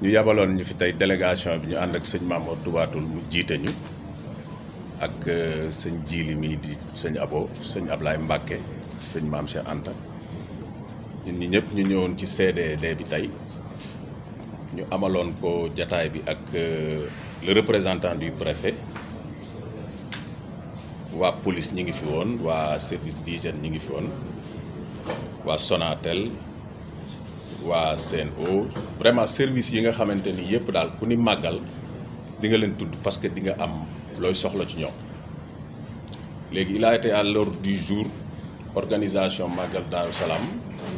ñu yabaloon ñu fi tey délégation bi ñu ànd ak sëñ Mamour Toubatul mu jiite ñu ak euh, sëñ Jili mii di sëñ Abo sëñ Ablaye Mbacke sëñ Maam Cheikh Anta ñun ñi ñëpp ñu ñëwoon ci CDD bi tey ñu amaloon ko jataay bi ak euh, le représentant du préfet waa police ñi ngi fi woon waa service d'hygiène ñi ngi fi woon waa Sonatel. waa seen o vraiment service yi nga xamante ni yëpp daal ku ni màggal di nga leen tudd parce que di nga am looy soxla ci ñoom léegi il a été à l'ordre du jour organisation màggal Daaru Salaam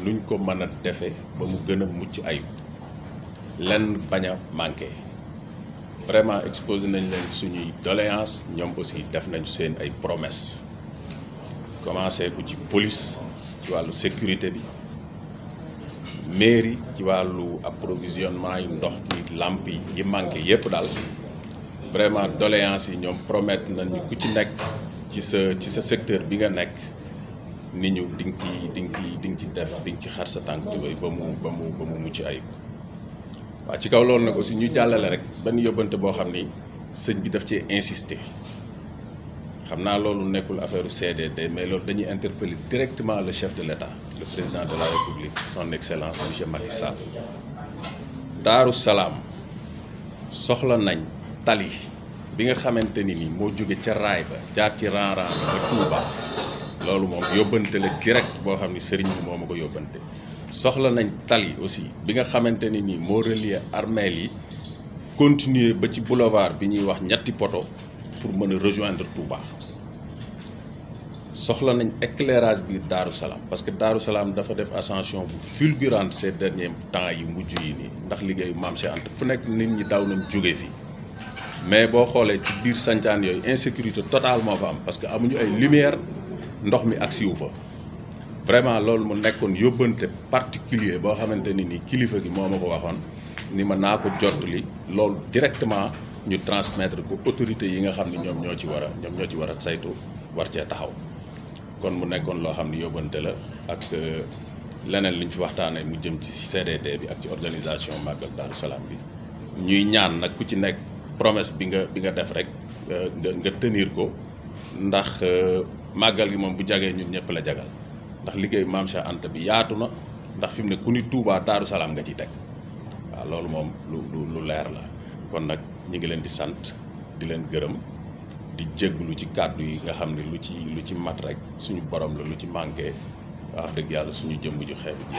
nuñ ko mën a defee ba mu gën mucc ay lenn bañ a manqué vraiment exposé nañ leen suñuy doléance ñoom aussi def nañu seen ay promesses commencé ko ci police ci wàllu sécurité bi mairie ci wàllu approvisionnement yu ndox bi làmp yi yi manqué yépp daal vraiment doléance yi ñoom promettre nañu ku ci nekk ci sa ci sa secteur bi nga nekk ni ñu di nga ci di nga ci di nga ci def di nga ci xar sa tànk tubéy ba mu ba mu ba mu mucc ayib waaw ci kaw loolu nag aussi ñu jàllale rek benn yóbbante boo xam ni sëñ bi daf cee insister xam naa loolu nekkul affaire de mais loolu dañuy interpeller directement le chef de l'État président de la République son excellence monsieur Macky Sall Daaru Salaam soxla nañ tali bi nga xamante ni moo jóge ca raay ba jaar ci ran ba Touba loolu moom yóbbante la direct boo xam ne sëriñ bi moo ma ko yóbbante soxla nañ tali aussi bi nga xamante ni nii moo relier armeel yi continuer ba ci boulevard bi ñuy wax ñetti poto pour mën a rejoindre Touba soxla nañ éclairage biir Daaru Salaam parce que Daaru Salaam dafa def ascension bu fulgurante ces derniers temps yi mujj yi nii ndax liggéeyu Maam Cheikh Anta fu nekk nit ñi daw nañ jóge fii mais boo xoolee ci biir sancaan yooyu insécurité totale moo fa am parce que amuñu ay lumière ndox mi ak siwu fa vraiment loolu mu nekkoon yóbbante particulier boo xamante ni nii kilifa gi moo ma ko waxoon ni ma naa ko li loolu directement ñu transmettre ko autorité yi nga xam ne ñoom ñoo ci war a ñoom ñoo ci war a saytu war cee taxaw kon mu nekkoon loo xam ne yóbbante la ak euh, leneen li ñu fi waxtaanee mu jëm ci CDD bi ak ci organisation màggal Daaru Salaam bi ñuy ñaan nag ku ci nekk promesse bi nga bi nga def rek euh, nga nga tenir ko ndax euh, màggal gi moom bu jagee ñu ñëpp la jagal ndax liggéey Maam Cheikh Anta bi yaatu na ndax fi mu ne ku ni Touba Daaru Salaam nga ciy teg waaw loolu moom lu lu leer la kon nag ñu ngi leen di sant di leen gërëm. di lu ci kàddu yi nga xam ne lu ci lu ci mat rek suñu borom la lu ci manqué wax dëgg yàlla suñu jëmm ju xeetu ji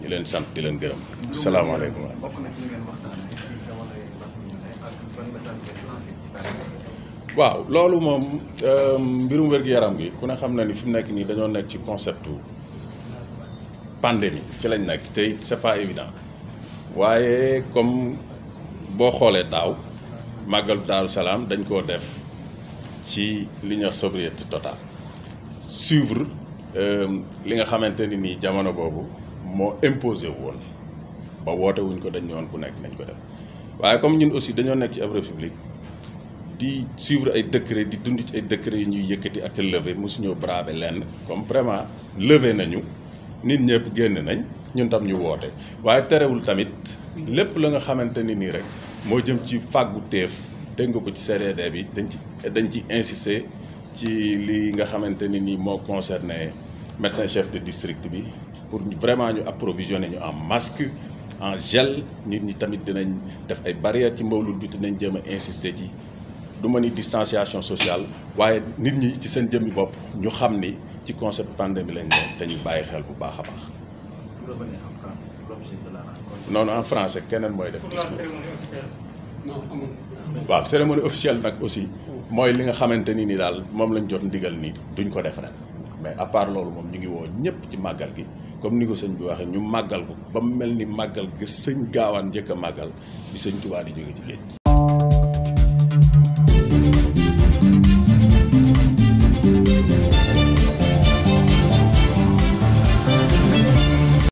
ñu leen sant di leen gërëm. salaamaaleykum. waaw loolu moom euh, mbirum wér-gu-yaram gi ku ne xam na ni fi mu nekk nii dañoo nekk ci conceptu pandémie ci lañ nekk te it c'est évident waaye comme boo xoolee daaw màggalu daaru salaam dañ koo def ci li ñuy wax sobriété totale suivre euh, li nga xamante ni nii jamono boobu moo imposé woon ba woote wuñ ko dañ ñëwoon ku nekk nañ ko def waaye comme ñun aussi dañoo nekk ci ab république di suivre ay décret di dund ci ay décret yi ñuy yëkkati ak levé mosuñoo braver lenn comme vraiment levé nañu nit ñëpp génn nañ ñun tam ñu woote waaye terewul tamit lépp la nga xamante ni nii rek moo jëm ci fàggu teef dégg nga ko ci CRD bi dañ ci dañ ci insister ci li nga xamante ne ni moo concerné médecin chef de district bi pour vraiment ñu approvisionner ñu en masque en gel nit ñi tamit dinañ def ay barrières ci mbooloo bi dinañ jéem a insister ci du ma ni distanciation sociale waaye nit ñi ci seen jëmmi bopp ñu xam ni ci concept pandémie lañ ne te ñu bàyyi xel bu baax a baax. non en français keneen mooy def discours. waaw cérémonie officielle nag aussi mooy li nga xamante ni nii daal moom lañ jot ndigal nii duñ ko def ren mais à part loolu moom ñu ngi woo ñëpp ci màggal gi comme ni ko sëñ bi waxee ñu màggal ko ba mu mel ni màggal gi sëñ gaawaan njëkk a màggal bi sëñ Tuubaa di jóge ci géej